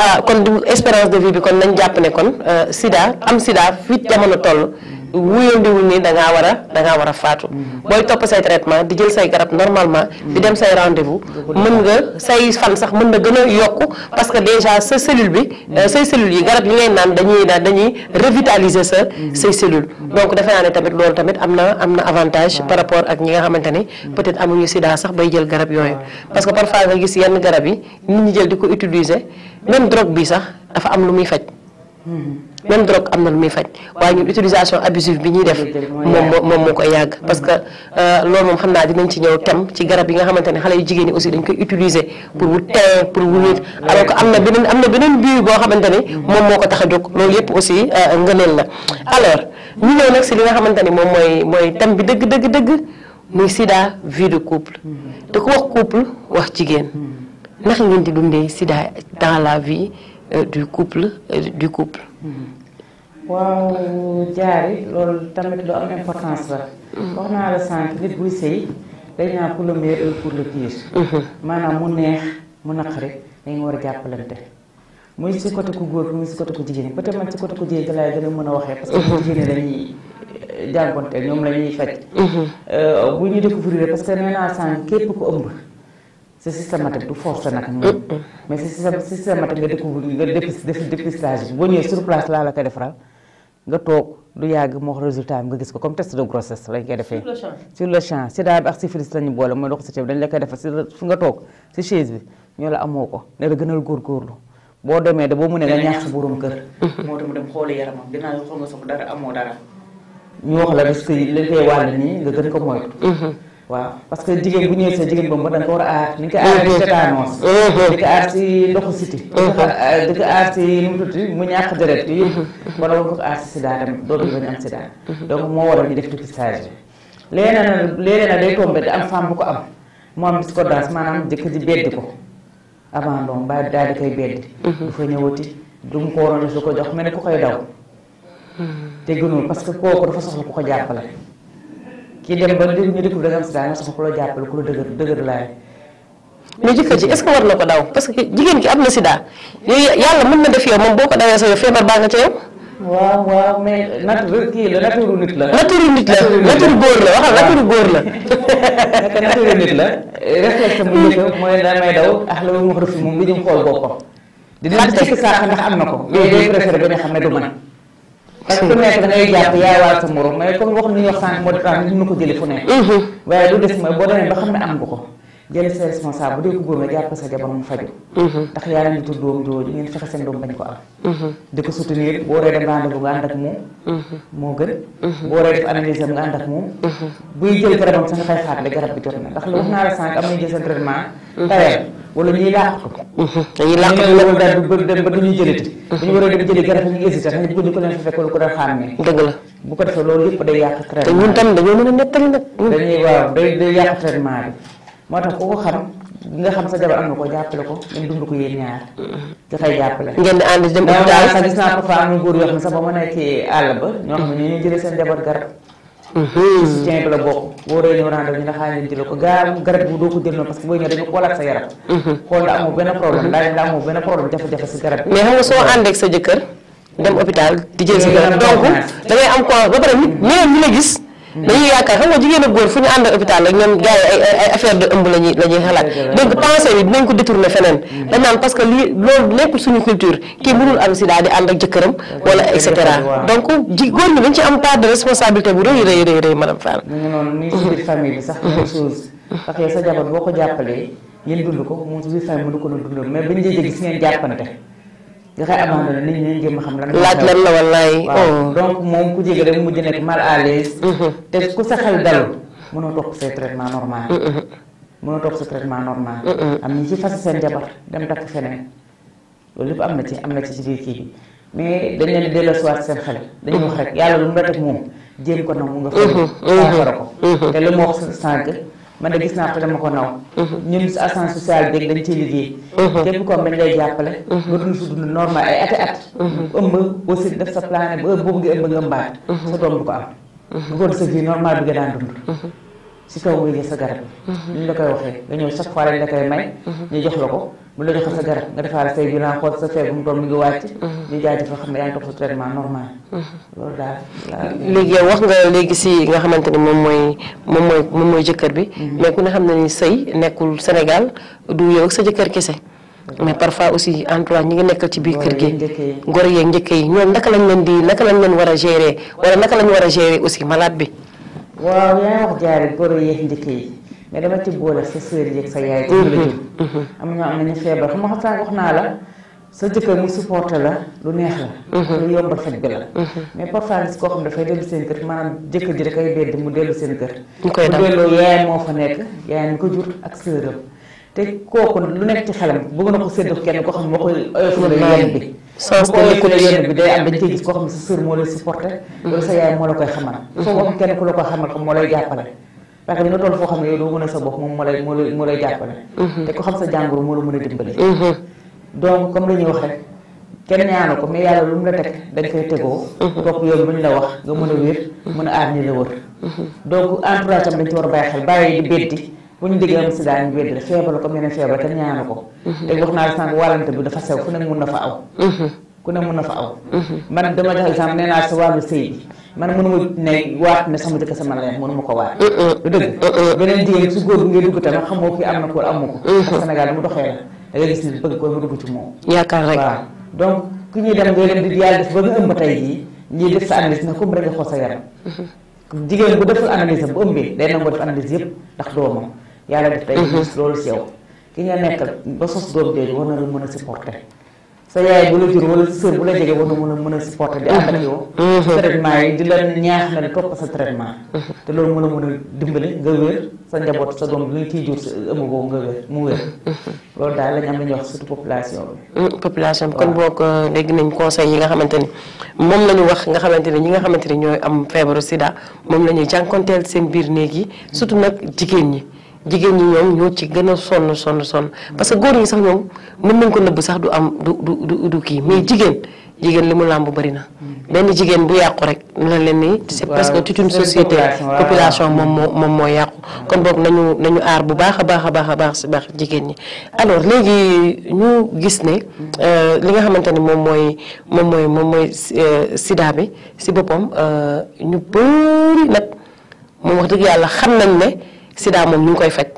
ah kon du espérance de vie bi kon nañ jàpp ne kon euh, sida am sida fit jamono toll wuyondiwul ni da war a da ngaa faatu mm-hmm. booy topp say traitement jël say garab normalement di mm-hmm. dem say rendez-vous mën nga say fan sax mën na gën a yokku parce que déjà sa cellule bi mm-hmm. euh, say cellules yi garab yi ngay naan dañuy naan dañuy revitaliser sa say cellule donc defe naa ne tamit loolu tamit am na am na avantage par rapport ak ñi nga xamante ni peut-être amuñu sida sax bay jël garab yooyu parce que parfois nga gis yenn garab yi nit ñi jël di ko utiliser même drogue bi sax dafa am lu muy faj même drogue amna lu muy fajj waaye ñun utilisation abusive bi ñi def mom mom moko yag parce que euh lool mom xamna dinañ ci ñew tem ci garab yi nga xamanteni xalé yu jigéen yi aussi dañ koy utiliser pour wu té pour nit alors que amna benen amna benen bi bo xamanteni mom moko ne moom moo ko aussi euh, ngeenel la alors ñu ñew nak ci li nga xamanteni mom moy moy tam bi deug deug deug muy sida vie de couple de mm-hmm. ko wax couple wax jigéen mm-hmm. nak ngeen di dundé sida dans la vie euh, du couple euh, du couple mm-hmm. waaw jaari loolu tamit lu am importance la. Mm-hmm. wax naa la sànq nit buy sëy dañ naa pour le meilleur et pour le mm-hmm. maanaam mu neex mu naqari dañ war a jàppalante. muy si côté ku góor bi muy si côté ku jigéen peut être man si côté ku jigéen laay gën a mën a waxee. parce que mm-hmm. jigéen ñi lañuy euh, jànkonteel ñoom la ñuy faj. Euh, bu ñu découvrir parce que nee naa sànq képp ku ëmb. c'est systématique du force nag moom. mais c'est systématique nga découvrir nga dépistage bi boo ñëwee sur place laa la ko defaral. nga toog du yàgg moo wax résultat bi nga gis ko comme test de grossesse lañ koy defee. sur le champ sur le champ sida bi ak syphilis lañu boole mooy doxicité bi dañ la koy si fi nga toog si chaise bi ñoo la amoo ko ne la gënal góorgóorlu. boo demee da boo mënee nga ñaax sa borom kër. moo tax mu dem xooli ñu wax la risque yi li nii nga gën ko moytu. waaw parce que jigéen bu ñëwee sa jigéen boobu da nga ko war aar ni eh, eh, eh, nga aar ci tétanos di aar si ndoxu siti di aar si mu tudd mu ñàkk deret yi yëpp war ko aar si sida tamit doom bi bañ ñu am femme bu ko ko avant doom ba daal di mhm. ko jox mel ne ku koy daw te mhm. gënul parce que kooku dafa soxla ku ko jàppale ki dem ba léegi ñu dëkk bi da nga am sida ku la jàppale ku la dëgër dëgër laay. mais jëkkër ji est ce que war na ko daw parce que jigéen ki am na sida yooyu yàlla mën na def yow moom boo ko dawee sa yow nature la nit la. nature nit la nature góor la waxal nature góor la. nature nit la. réflexe mu njëkk mooy da may daw ah la ma wax rek moom lu jëm xool boppam. dinañ fekk saako ndax am na ko. yooyu yooyu préféré ba nga xam ne parce que nekk da ngay jàpp yaay waat sa morom mais comme wax lu ñuy wax sànq moo di tax nit ñu ko jëlee fu mhm. waaye lu des mooy boo demee ba xam ne am nga ko jëlee sa responsable bu dee ko góor nga jàpp sa jabar mu faju mhm. ndax yàlla ngi tudd doom jooju ngeen fexe seen doom bañ ko am mhm. di ko soutenir boo waree dem nga ànd moom moo gën boo waree def analyse am nga ànd moom buy jël garabam sa nga fay fàttali garab bi jot na ndax lu wax naa la wala mhm. dañuy laaxatu dañuy laaxatu loolu daal du bëgg dem ba duñuy jëliti dañu war a dem jëli garab yi hésité xam ne bëgg ñu ko leen fekk lu ko doon xàmmee la bu ko defee loolu yëpp day yàq traitement te a nettali nag dañuy waaw day day bi moo tax ku xam nga xam sa jabar am na ko jàppale ko ngeen dund ko yéen ñaar mhm. dafay jàppale ngeen di ànd dem daal sax gis naa ko fa am góor yoo xam sax ba mën a àll ba ñoo xam ne ñu ñuy seen jabar garab ci teen la bokk boo rëy ñëw rendez-vous ñu ne xaaral leen jël ko garab garab bi doo ko jël noonu parce que booy ñëw dañu xoolaat sa yaram xool la amoo benn problème daa la amoo benn problème jafe-jafe si garab mais xam nga soo ànd sa jëkkër dem hôpital di si garab donc da am ko ba pare nit ñeneen ñu la gis Mm. dañuy yaakaar xam nga jigéen ak góor fu ñu ànd ak hôpital rek ñoom gars yi ay affaire de ëmb la xalaat donc pensée bi dinañ ko détourné feneen mm. dañ parce que loolu nekkul suñu culture kii mënul am sida di ànd ak jëkkëram wala et donc ji góor ñi dañ ci am part responsabilité bu rëy rëy rëy rëy madame Fall ñu noonu nii ci biir bi sax même sa jabar boo ko jàppalee yéen dund ko moom si biir famille mënu ko dund mais bañ dee gis ngeen jàppante nga koy abandonné nit ñi jéem a xam lan. laaj lan la wallaay. Oh. donc moom ku jege rek mujj nekk mal à mm-hmm. te ku sa xel dalu mënoo topp say traitement normal. Mm-hmm. mënoo sa traitement normal. Mm-hmm. am ñi ci fas seen jabar dem takk feneen loolu lépp am na ci am na ci ci biir kii bi mais dañ leen di delloosiwaat seen xel. dañu wax rek yàlla lu mu la teg moom jéem ko nangu nga. fay saafara ko te li mu wax sànq. man de gis naa ko dama ko naw mhm. ñun assistance sociale bi dañ ciy liggéey mhm. képp koom dañ lay jàppale mhm. nga dund su dund normal ay ati at ëmb aussi def sa plan ba boobu ëmb nga mbaat sa doom du ko am nga ko sa vie normal bi nga daan dund si kaw nga sa garab ñu la koy waxee nga ñëw chaque fois lañ la koy may ñu jox la ko bu la defal sa nga defaale say bilan xool sa ne mm-hmm. yaa ngi topp sa traitement normal. Mm-hmm. loolu léegi yow wax nga léegi si nga xamante ni moom mooy moom mooy jëkkër bi. Mm-hmm. mais ku ne xam na ni sëy nekkul Sénégal du yow sa jëkkër kese. mais parfois aussi entourage ñi ngi nekkal ci biir kër gi. gor yeeg njëkk yi ñoom naka lañ leen di naka lañ leen war a gérer wala naka lañ war a gérer aussi malade bi. waaw yaa wax jaaree gor yeeg njëkk yi. mais dama ci boole sa sœur yi ak sa yaay. te du la jur am na am nañu feebar xam nga xam wax naa la sa jëkkër mu supporté la lu neex la. Mm-hmm. lu yombal faj bi la. Mm-hmm. mais parfois gis koo xam dafay dellu seen kër maanaam jëkkër ji da koy bedd mu dellu seen kër. mu koy dal mu delloo yaayam moo fa nekk yaayam ko jur ak sœuram te kooku lu nekk ci xelam bëgg na ko séddoo kenn koo xam ne moo koy oyofal yoon bi. sens de nekkul yoon bi day am dañ koy gis koo xam ne sa sœur moo lay supporté. loolu sa yaay moo la koy xamal. foofu mm-hmm. am kenn ku la koy xamal ko moo lay jàppale. parce que di nga toll foo xam ne yow doo mën a sa bopp moom moo lay moo lay moo lay jàppale mm-hmm. te ku xam sa jàngoro moo la mën a dimbale mm-hmm. donc comme dañuy wax rek kenn ñaanu ko mais yàlla lu mu la teg dañ koy tegoo topp yoon bu ñu la wax nga mën a wér mm-hmm. mën a aar ñi a wàllu sëy bi man mënuma ne waat ne sama dëkk sama neex mënuma ko waat. du dëgg beneen jigéen su góor bi ngay dugg tamit xamoo kii am na ko amu ko. Mm-hmm. ak Sénégal mu doxee la da gis ni ko ci moom. yaakaar rek waaw ku ñuy dem ngay dem di def ñuy def sa analyse na comme rek nga xool yaram. Mm-hmm. jigéen bu deful analyse bu ëmbee day nangoo def analyse yëpp ndax doomam yàlla def tey mm-hmm. loolu sew ki nga nekkal ba sos doom jooju war na la mën a supporter. sa yaay bu la jur wala sër bu la jege war na mën a mën a supporter di ànd ak yow mm-hmm. Mm-hmm. yi di la ñaax na la topp sa traitement mm-hmm. te loolu mën a mën a dimbali nga wér sa njaboot sa doom li ciy jur ëmb boobu nga wér mu loolu daal lañ am la ñuy wax surtout population bi population bi kon boo ko euh, dégg nañ conseil yi nga xamante ni moom la ñu wax nga xamante ni ñi nga xamante ni ñooy am feebaru sida moom la ñuy jànkonteel seen biir néeg yi surtout nag jigéen ñi jigen ñi ñom ñoo ci gëna a sonn sonn sonn parce que goor ñi sax ñom mën nañ ko neub sax du am du du du ki mais jigen jigen limu lamb bari na. benn jigen bu yàqu rek na la leen ni. c'est parce que toute une société population mom mom mo moo kon bok nañu nañu ar bu baaxa baaxa baaxa baax ci baax jigen ñi alors léegi ñu gis ne. Euh, li nga xamanteni mom moy mom moy mom moy euh, sida bi ci bopom euh ñu bari nak mom wax deug yalla xam nañ ne. sida moom ñu koy faj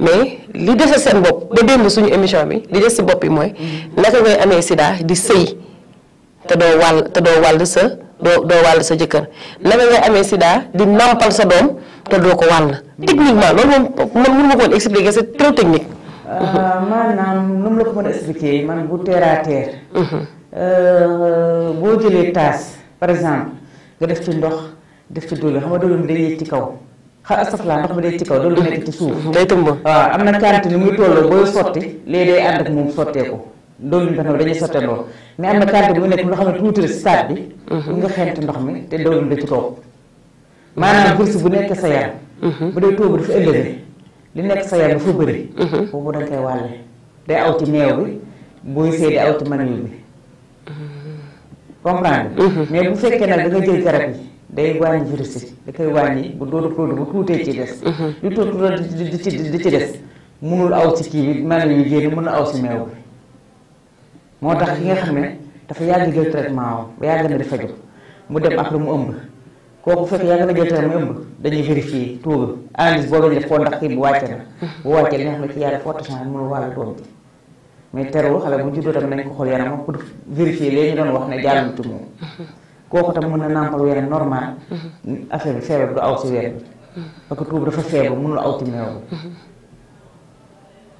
mais li dese seen bopp ba démb suñu émission bi li des si bopp bi mooy mm-hmm. naka ngay amee sida di sëy te doo wàll te doo wàll sa doo doo wàll sa jëkkër naka ngay amee sida di nampal sa doom te doo ko wàll mm-hmm. techniquement loolu moom man mënu ma ko woon expliquer c'est très technique euh, maanaam nu mu la ko mën expliquer man bu terre à mm-hmm. euh, boo jëlee taas par exemple nga def ci ndox def ci diwlin xam nga diwlin ci kaw xar astafurlah ndox mi day ci kaw doon lu nekk ci suuf. day tëmb waaw am na quantité ni muy tolloo booy sotti léegi day ànd ak moom sotteeku doon bu ne tuuti mhm. nga xent ndox mi te doon lu ci kaw. maanaam gursi bu nekk sa yaram. Mhm. bu dee taux bi dafa élevé li nekk sa yaram dafa bëri. boobu mhm. da nga koy wàlle day aw ci meew bi booy seey day aw ci maniw bi. comprendre mais bu fekkee nag da nga jël garab yi. day wàññi virus yi da koy wàññi bu doodu produit bu tuutee ci des mhm. lu tuut di ci di ci des munul aw si kii bi maanaam yu génn mënul aw si meew bi moo tax ki nga xam ne dafa yàgg jël traitement am ba yàgg na di faju mu dem après mu ëmb kooku fekk yàgg na jël traitement mu dañuy vérifier tuuba analyse boobu ñu de foo ndax kii bu wàcce na bu wàcce li nga xam ne ci yàlla forte chance mënul wàllu doom bi mais terewul xale bu juddoo tamit nañ ko xool yaramam ne jàllul ci kooku tam mën na nàmpal ween normal mhm. affaire bi feebar bi du aw si ween bi mhm. parce que tuub dafa feebar mënul aw ci mhm.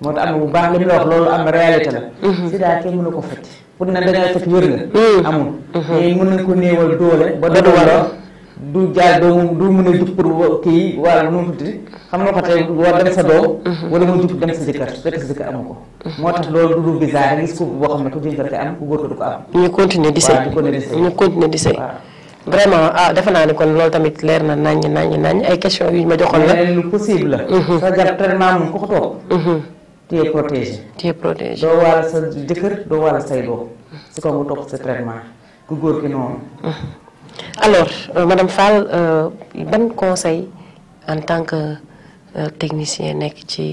moo tax am na bu baax li mu wax loolu am na réalité la sida kenn mënu ko faj pour na dangay faj wér la amul mais mën nañ ko néewal doole ba doole du jaay doomu du mën a jub pour kii wala nu mu tudd xam nga ko tey war dem sa doom. Mhm. wala mu jub dem sa jëkkër fekk sa jëkkër amu ko. Mhm. moo tax loolu du du a gis ko boo xam ne ku jëkkër ko am ku góor ko du di sa jàpp traitement moom mhm. ku sa jëkkër doo waral say doom. si ko mu topp sa traitement ku góor ki noonu. alors euh, madame Fall euh, ban conseil en tant que euh, technicien nekk ci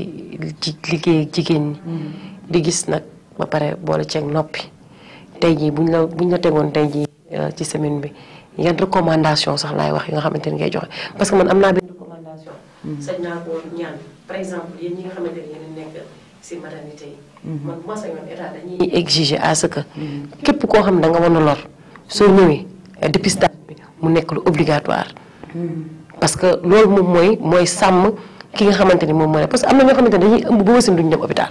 ci liggéey jigéen ñi. Mm-hmm. di gis nag ba pare boole ceeg noppi tey jii bu la buñ la tegoon tey jii ci semaine bi yan recommandation sax laay wax yi nga xamante ni ngay joxe parce que man am naa benn recommandation. Mm-hmm. sañ naa ko ñaan par exemple yi. Mm-hmm. man à ce que. képp koo xam ne danga mën a lor soo ñëwee. dépistage bi mu nekk lu obligatoire. parce que loolu moom mooy mooy sàmm ki nga xamante ni moom mooy parce que am na ñoo xamante ne dañuy ëmb ba wasin duñu dem hôpital.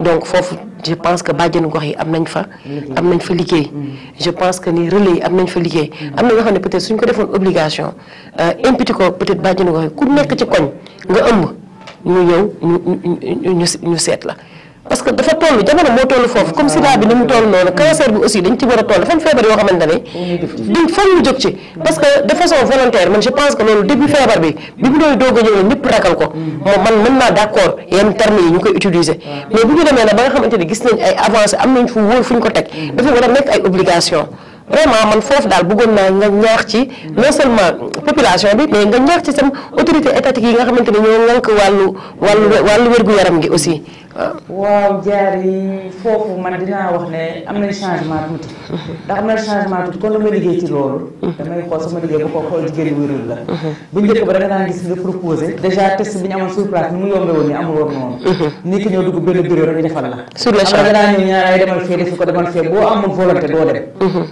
donc foofu je pense que bàjjenu gox yi am nañ fa. am nañ fa liggéey. Mm. je pense que ni relais yi am nañ fa liggéey. Mm. am na ñoo xam ne peut-être suñ ko defoon obligation euh, imputé ko peut-être bàjjenu gox yi ku nekk ci koñ nga ëmb ñu ñëw ñu ñu ñu seet la. parce que dafa toll jamono moo toll foofu comme sida bi ni mu toll noonu cancer bi aussi dañ ci war a toll fan feebar yoo xamante ne fan ñu jóg ci parce que de façon volontaire man je pense que loolu début feebar bi bi mu doon doog a ñëw ñëpp ragal ko moom man mën naa ne gis nañ ay avancé am nañ fu wóor fu ñu ko teg dafa war a nekk ay obligation vraiment man foofu daal bëggoon naa nga ñaax ci non seulement population bi mais nga ñaax ci sam autorité étatique yi nga xamante ne ñoo ngànk wàllu wàllu gi aussi waaw jaar yi foofu man dinaa wax ne am nañ changement tuuti. ndax am na changement tuuti kon dama liggéey ci loolu. damay xool sama liggéey bu ko xool jigéen yu wérul la. bu njëkk ba da nga daan gis nga proposé déjà test bi ñu amoon sur place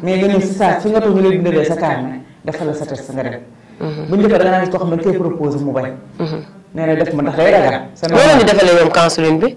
ni mu si saa fi nga toog ñu lay bindalee sa carnet defal la sa test nga dem. bu njëkk ba da nga gis xam ne kay proposé mu bañ. nee na def ma ndax day ragal. loolu la ñu defalee ñoom counseling bi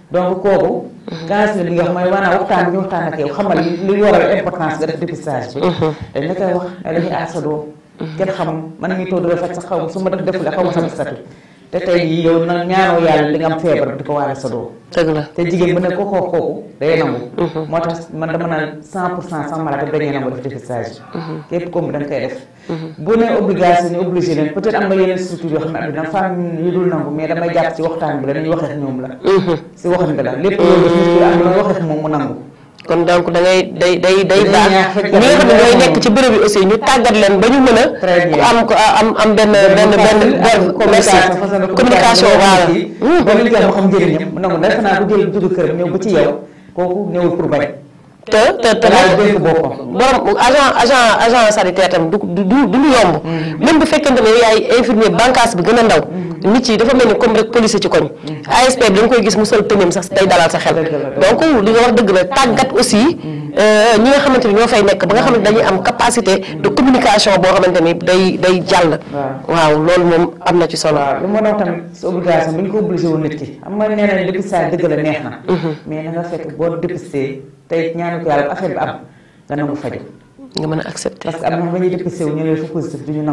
donc kooku. Mhm. gaz li nga wax mooy maanaam waxtaan bi ñu waxtaan ak yow xamal li waral importance nga def dépistage bi. Mhm. dañ la koy wax ne dañuy aar sa mhm. kenn xamul man mii toog di la xaw ma su ma def defule xaw ma sama statut. te tey yi yow ñaanoo yàlla li nga am feebar di ko waral sa doom. te jigéen bu ne ko xoo xooku day nangu. moo tax man dama naan cent pour cent sax malade dañuy nangu def dépistage képp koom da nga koy def. bu ne obligation ni obligé leen peut être am na yeneen structure yoo xam ne am na yu dul nangu mais damay jàpp ci waxtaan bi la nañu wax ñoom la. si waxin bi la lépp loolu wax moom mu nangu. kon donc da ngay day day day baax ñi nga xam ne ñooy nekk ci béréb yi aussi ñu tàggat leen ba ñu mën a ko am am benn benn benn verve merci communication voilà ba li nga xam njëriñam ko jël jóge këram ñëw ba ci yow kooku ñëwul pour bañ te te te nag borom agent agent agent sanitaire tam du du du yomb mm-hmm. même bu fekkente ne yaay infirmier bànqaas bi gën a ndaw mm-hmm. nit yi dafa mel ni comme rek police ci koñ ASP bi da nga koy gis mu sol tëneem sax day dalal sa xel donc li nga wax dëgg la tàggat aussi euh, ñi nga xamante ni ñoo fay nekk ba nga xamante dañuy am moom am na ci solo lu ma doon tamit sa obligation bu ko obligé woon nit ki am neex na mhm. mais na nga fekk nangu a accepter parce que dañ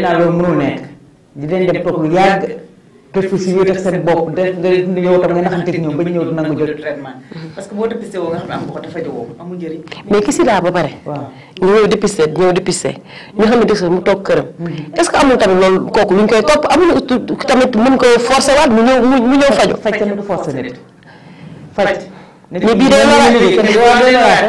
naa loolu mënul nekk di leen dem toog lu yàgg tëpp si wéet ak bopp de nga yow tam nga naxanteeg ñoom ba ñëw nangu jot parce que boo dépisté woo nga xam ne am nga ko te fajoo amul njëriñ ba pare waaw ñu ñëw dépisté ñëw dépisté mu toog këram mm-hmm. est-ce que amul tamit loolu kooku lu ñu koy topp amul tamit mën ko forcé waat mu ñëw mu ñëw faju faj tamit du forcé nit faj mais bii day laa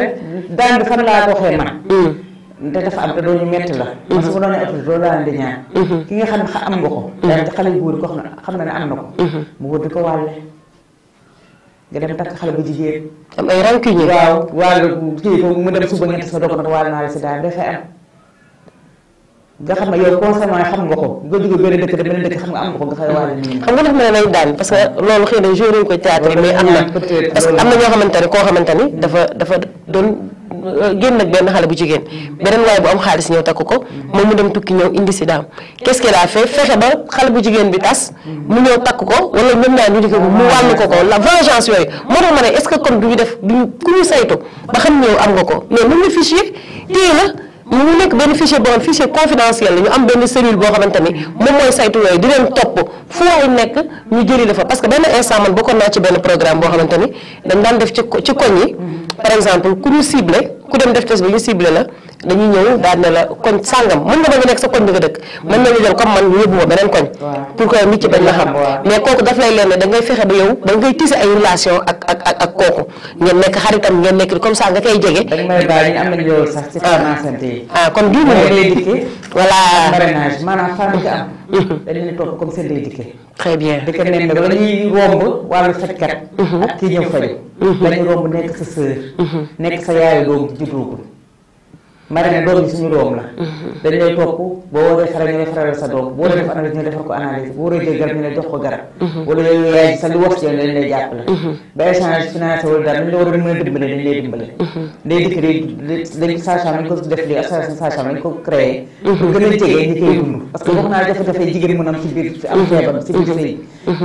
daan bi fan laa ko xee man mm. te dafa am te doo ñu metti la. Mhm. parce que bu doonee ëpp loolu laa leen di ñaan. Mhm. ki nga xam ne am nga ko. Mhm. daanaka xale yu góor ko xam ne xam na ne am na ko. mu wër di ko wàlle. nga dem takk xale bu jigéen. am ay rànk yi waaw wàll kii mu dem suba ñetti sa doog nag wàll naa la si daal dafay am. nga xam ne yow consommer xam nga ko nga jóge benn dëkk benn dëkk xam nga am nga ko nga xay wàllu nii. xam nga dafa mel ne daan parce que loolu xëy na joué nañu ko théâtre mais am na parce que am na ñoo xamante ne koo xamante ni mm. dafa dafa doon Euh, génn nag benn xale bu jigéen beneen waaye bu am xaalis ñëw takk ko moom mu dem tukki ñëw indi si daam qu'est-ce qu'elle fexe ba xale bu jigéen bi tas mu ñëw takk ko wala ñoom ñaar ñu di ko mu wàllu ko ko la vengeance yooyu moo tax ma ne est-ce que kon du ñu def du ñu ku ñu saytu ba xam ñëw am nga ko mais mën na fichier téye la mu nekk benn fichier boo xam fichier confidentiel la ñu am benn cellule boo xamante ni moom mooy saytu yooyu di leen topp fu waay nekk ñu jëli la parce que benn instant man bokkoon naa ci benn programme boo xamante ni dañ daan def ci ci koñ yi par exemple ku ñu ciblé ku dem def test bi ñu ciblé la dañuy ñëw daal ne la koñ sàngam mën nga bañ a nekk sa koñ bi nga dëkk mën nañu jël comme man yóbbu ma beneen koñ pour que nit ci bañ la xam mais kooku daf lay leen ne da ngay fexe ba yow da ngay tise ay relation ak ak ak kooku ngeen nekk xaritam ngeen nekk ah. ah, mhm. mhm. mhm. sa sœur nekk sa yaayu doom judduugul marraine doom yi suñu doom la. dañ lay topp boo waree xaral ñu lay xaral sa doom boo def analyse ñu defar ko analyse boo waree jël garab ñu ne jox ko garab. wala yooyu yaay sa lu wax ci yow dañ lay jàppale. Mm-hmm. ba échange financier wala daal dañ la war a mën a dimbale dañ lay dimbale. Mm-hmm. day dikk day dañ sage-femme dañ ko def lii association sage-femme dañ ko créé. Mm-hmm. pour gën a jege ñi koy dund. parce que wax naa jafe-jafe jigéen mën am ci biir am feebar ci biir sëy.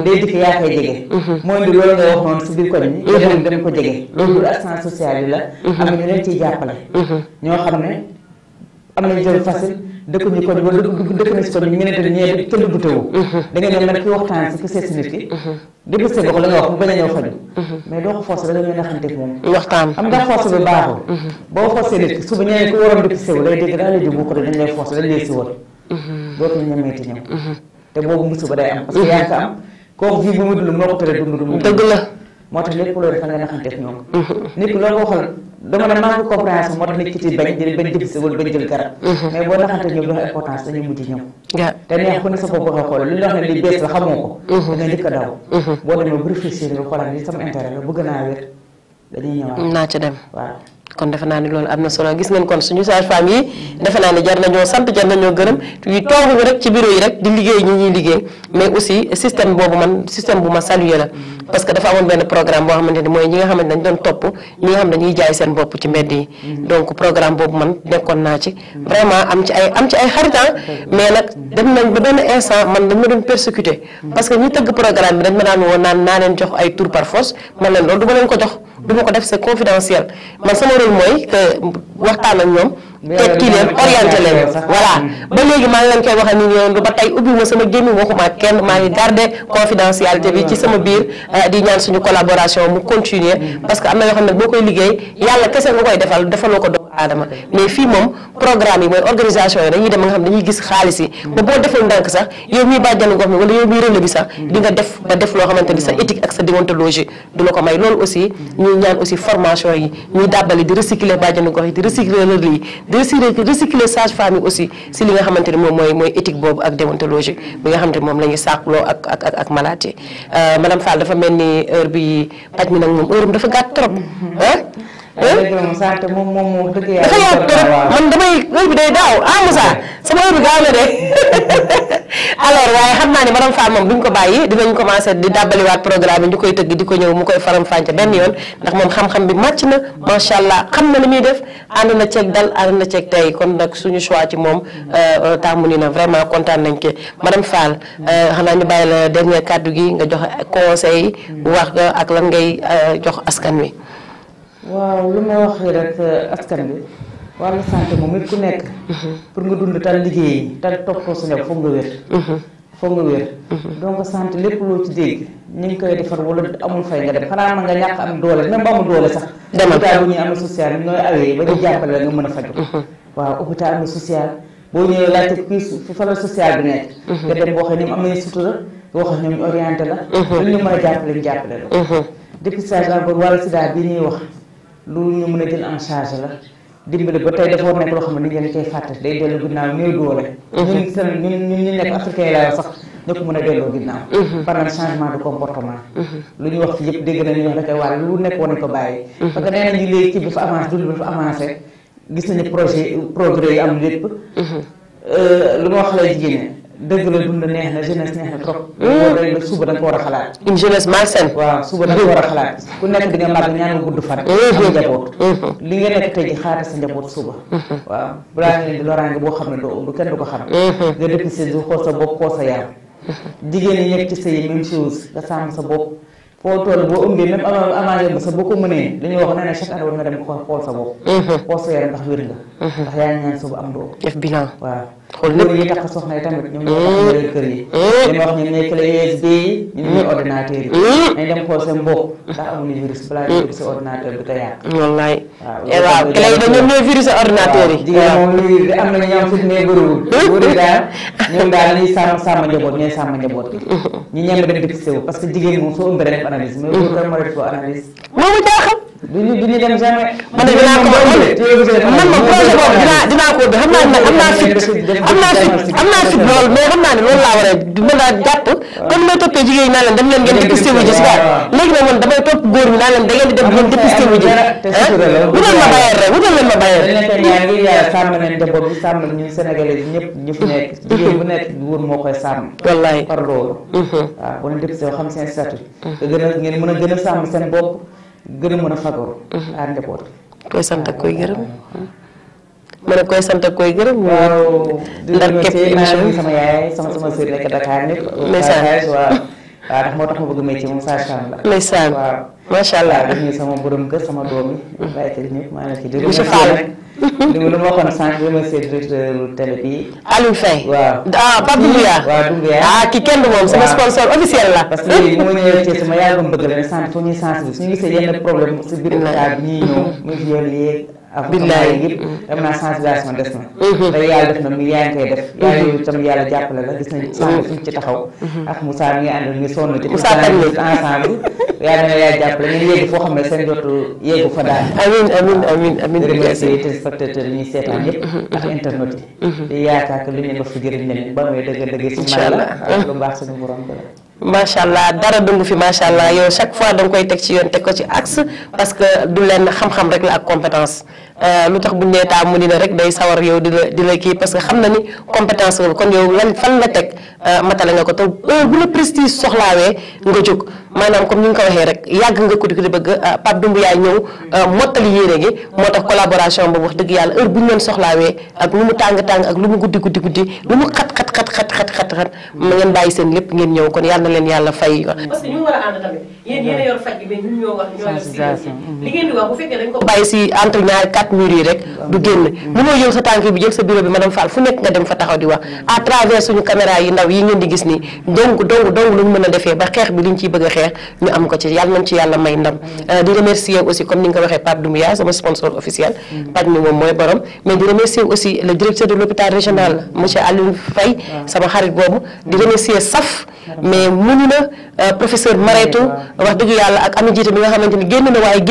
day dikk yaa koy jege. mooy di loolu nga wax noonu si biir koñ bi. dem ko jege. loolu accent social yi la. am ñu leen ciy jàppale. ñoo xam ne am nañ jël facile dëkk ñu koñ wala dëkk na si koñ ñu ñeneen ñee tënd bu tëwu da nag ki waxtaan si ki seet si nit ki di bés ko la nga wax mu bañ a ñëw faju mhm. mais doo ko forcé da ñëw naxante moom waxtaan am nga force bi baaxul mhm. boo forcé nit ki suba ñeneen ko waroon dëkk siw lay dégg daa lay ko dañ lay forcé dañ lay si war mhm. dootuñ ñemeeti ñëw te boobu musiba day am parce que am koo vie bi mu dund moo ko tere dund dund dëgg la moo tax lépp loolu fa nga naxanteeg ñoom. Mhm. nit ki loolu nga waxoon dama ne manque compréhension moo tax nit ki ci bañ jël bañ jëm si wala bañ jël garab. Mhm. mais boo naxanteeg ñoom jox importance dañuy mujj ñëw. te neex ku ne sa bopp nga xool li ñu wax ne li bees la xamoo ko. Mhm. da nga njëkk a daw. boo demee bu réfléchir ba xoolal li sama intérêt la bëgg naa wér dañuy ñëwaat. naa ci dem waaw. kon defe naa ne loolu am na solo gis ngeen kon suñu sage-femme yi defe naa ne jar nañoo sant jar nañoo gërëm yu tooguñu rek ci bureau yi rek di liggéey ñi ñuy liggéey mais aussi système boobu man système bu ma saluer la parce que dafa amoon benn programme boo xamante ni mooy ñi nga xamante dañ doon topp ñi nga xam dañuy jaay seen bopp ci mbedd yi mm-hmm. donc programme boobu man nekkoon naa ci mm-hmm. vraiment am ci ay am ci ay xaritan ah. mm-hmm. mais nag dem nañ ba benn instant man dañ ma doon persécuté parce que ñi tëgg programme bi dañ ma daan woo naan naa leen jox ay tour par force man leen loolu du leen ko jox du ko def c'est confidentiel man sama rôle mooy que waxtaan ak ñoom tekki leen orienté leen voilà ba léegi maa ngi leen koy wax ni ñoom ba tey ubbi ma sama gémmi waxuma kenn maa ngi gardé confidentialité bi ci sama biir eh, di ñaan suñu collaboration mu continuer parce que am na yoo xam ne boo koy liggéey yàlla kese nga koy defal defaloo ko doomu aadama mais fii moom programme yi mooy organisation yi dañuy dem nga xam dañuy gis xaalis yi ba boo deful ndànk mi wala yow bi sax di nga def nga loo xamante ni sa éthique ak sa déontologie du la ko may loolu aussi ñuy ñaan aussi formation yi ñuy dàbbali di recycler bàjjanu gox yi di recycler relais yi recycler sage femme yi aussi si li nga xamante ne moom mooy mooy éthique boobu ak déontologie bi nga xamante ne moom la ñuy sàqloo ak ak ak ak malade yi euh, dafa mel ni heure bi paj mi nag moom heure dafa gàtt trop ah moom moom moom dëgg man damay heure bi day daaw ah Moussa sama heure bi gaaw na de alors waaye xam naa ne madame Fall moom duñ ko bàyyi dinañ commencé di dàbbaliwaat programme yi ñu koy tëgg di ko ñëw mu koy faram fànce benn yoon ndax moom xam-xam bi màcc na macha allah xam na li muy def ànd na ceeg dal ànd na ceeg tey kon nag suñu choix ci moom eh, eh, tàmbu ni na vraiment kontaan nañ ci madame Fall eh, xanaa ñu bàyyi la dernier kàddu gi nga joxe conseil wax ak lan ngay jox askan wi. waaw lu ma wax rek euh, askan bi wàllu santé moom it ku nekk. Mhm. pour nga dund tal liggéeyi tal toppoo sa njaboot foog nga wér. Mhm. foog nga wér. Mhm. donc santé lépp loo ci dégg ñu ngi koy defar wala amul fay nga dem xanaa man nga ñàkk am doole même ba amul doole sax. demal hôpital bu ñuy am social ñooy awee ba ñu jàppale a faju waaw hôpital am social boo ñëwee la social bi nekk. nga a jàppale ñu jàppale bi ñuy wax. loolu ñu mën a jël en charge la dimbali ba tey dafa war nekk loo xam ne nit ñi dañ koy fàtte day dellu ginnaaw néew doole mhm. ñun seen ñun ñu nekk africain laa sax ñoo ko a delloo ginnaaw mhm. par changement de comportement mhm. lu ñu wax ci yëpp dégg nañu wax da koy wàll lu nekk war ko bàyyi parce que nee nañu léegi ci bi dafa avancé dund bi dafa avancé gis nañu progrès yi am lépp euh, lu ma wax lay jigéen dëgg la dund neex na jeunesse neex na trop. loolu rek la suba da nga ko war a xalaat. une jeunesse malsaine. waaw suba da nga ko war a xalaat. ku nekk di nga màgg ñaan nga gudd fan. Mmh, am mmh, njaboot. Mmh. li nga nekk tey ji xaaral sa njaboot suba. waaw balaa ngeen di loraange boo xam ne doo ëmb kenn du ko xam. nga depuis sa xool sa bopp xool sa yaram. ndax wér nga. ndax yaa ñaan suba am doo. def bilan góor yi tax soxna yi tamit ñoom ñoo tax ñu kër yi dañu mm. wax ñoom ñooy clé USB ñoom bi te yàq wallaay waaw clé yi da ñoom ñooy virus ordinateur yi jigéen moom lu ñu am fit mais ñoom daal ñuy sàmm njaboot ñooy sàmm njaboot bi ñu sew parce que jigéen moom soo ëmbee rek analyse mais góor kan moo def analyse duñu duñu dem jamais. man de dinaa ko man ma xam naa ne am naa fit am naa fit am mais xam naa ne loolu laa war a mën a jàpp comme may toppee jigéen ñi naan leen dem leen ngeen damay da ngeen di dem ngeen dépisté wu ji ah wutal ma bayeer rek wutal leen ma bayeer. yaa ngi yàlla sàmm nañ njaboot bi sàmm ñun sénégalais yi ñëpp ñu fi nekk jigéen bu nekk góor moo koy sàmm wallaay mm-hmm. mm-hmm. ngeen mën gën a sàmm seen bopp gën a mën a fagaru. Mm-hmm. aar njaboot koy sant ak koy gërëm. ma ne koy sant ak koy gërëm. waaw ndar macha allah di nuyu sama borom kër sama doom yi. bàyyi kër ñëpp maa ngi di. monsieur Fall nag di lu ma waxoon sànq remercier directeur télé bi. Aliou Faye. waaw ah Pape Doumbia. waaw Doumbia ah ki kenn du moom sama sponsor officiel la. parce que li ma ñëwee ci sama yàlla bëgg la ne sant foo ñuy sensibiliser su ñu gisee yenn problème si biir état bi ñuy ñëw muy viol yeeg billaay yëpp mm-hmm. dem naa sensibilisation des na mm-hmm. tey yàlla def na mi yaa ngi koy def yaa ngi tam yàlla jàppale la gis nañ mm-hmm. soxna fi ci taxaw ak Moussa mi nga ànd ñu sonn ci ensemble yaa dana yaa jàppale ngeen yegg foo xam ne seen jotu yeggu fa daal amiin amiin amiin amiin remercier téléspectateurs lu baax suñu borom bi la macha allah dara dëngu fi macha allah yow chaque fois danga koy teg ci yoon teg ko ci axe parce que du leen xam-xam rek la ak compétence. Eh, lutax tax buñ nee taamu dina rek day sawar yow di la ki parce que xamna ni compétence nga kon yow lan fan la teg eh, matale nga ko te bu le prestige soxlawé nga juk manam comme ni ko waxé rek yag nga ko di di bëgg eh, Pape Dumbu yaay ñew motali yéré gi motax collaboration bu wax dëgg yalla heure bu ñu leen soxlaawee ak lu mu tang tang ak lu mu guddi guddi guddi lu mu xat xat xat xat xat xat xat ma ngeen bàyyi seen lepp ngeen ñew kon yalla na leen yalla fay parce que ñu wara and tamit yeen yeen yor fajj bi ñu ñoo wax ñoo yor si mm-hmm. li ngeen di wax bu fekkee dañ ko bàyyi ci entre ñaar quatre murs yi rek sa tànk bi jël sa bureau bi madame Fall fu nekk nga dem fa taxaw di wax à suñu caméra yi ndaw yi ngeen di gis nii donc donc donc lu ñu mën a defee ba xeex bi li ñu bëgg a xeex ñu am ko ci yàlla may ndam euh, di remercier aussi comme ni nga ko waxee Pape Doumbia sama sponsor officiel Pape moom mooy borom mais di remercier aussi le directeur de l'hôpital régional monsieur Alioune Faye sama xarit boobu di remercier SAF mais mënu na euh, na waaye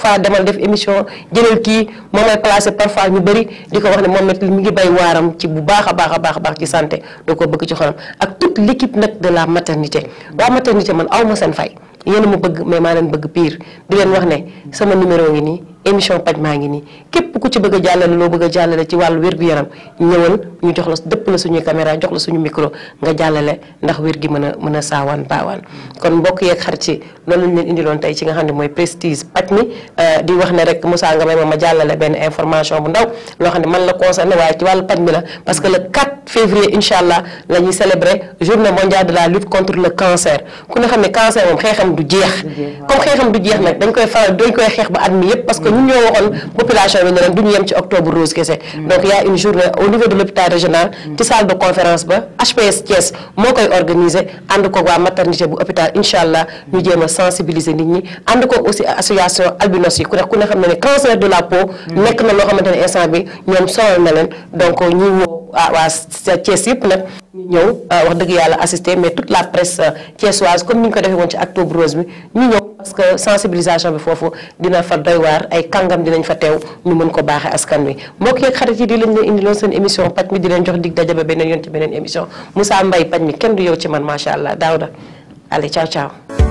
faa demal def émission jëlal kii moo may placé parfois ñu bëri di ko wax ne moom nag mi ngi bay waaram ci bu baax a baax a baax baax ci santé da ko bëgg ci xolam ak toute l' équipe nag de la maternité waa maternité man aw ma seen fay yéen a ma bëgg mais maa leen bëgg pire di leen wax ne sama numéro ngi nii émission paj maa ngi nii képp ku ci bëgg a jàllale loo bëgg a jàllale ci wàllu wér-gu-yaram ñëwal ñu jox la dëpp la suñuy caméra jox la suñu micro nga jàllale ndax wér gi mën a mën a saawaan baawaan kon mbokk yeeg xar ci loolu lañ leen indiloon tey ci nga xam ne mooy prestige paj mi euh, di wax ne rek Moussa nga may ma ma jàllale benn information bu ndaw loo xam ne man la concerné waaye ci wàllu paj mi la parce que le 4 février incha allah la ñuy célébrer journée mondiale de la lutte contre le cancer ku ne du jeex comme xeexam dañ koy yëpp parce que ñun ñoo waxoon population bi ne leen du ñu yem ci octobre rose kese mm. donc y une journée au niveau de l'hôpital régional mm. ci salle de conférence ba HPS Thiès moo koy organiser ànd ko waa maternité bu hôpital incha allah ñu jéem a sensibiliser nit ñi ànd ko aussi association albinos yi ku ne ku ne xam ne ne cancer de la peau mm. nekk na loo xamante ne instant bi ñoom sonal na leen donc ñuy woo waa Thiès yëpp nag ñëw euh, wax dëgg yàlla assister mais toute la presse euh, thiessoise comme ni ñu ko defee woon ci octobre rose bi ñu ñëw parce que sensibilisation bi foofu dina fa doy waar ay kàngam dinañ fa teew ñu mën ko baax askan wi mbokk yeeg xarit yi di lañ leen indiloon seen émission paj mi di leen jox dig daje ba beneen yoon ci beneen émission Moussa Mbaye paj mi kenn du yow ci man macha allah Daouda allez ciao ciao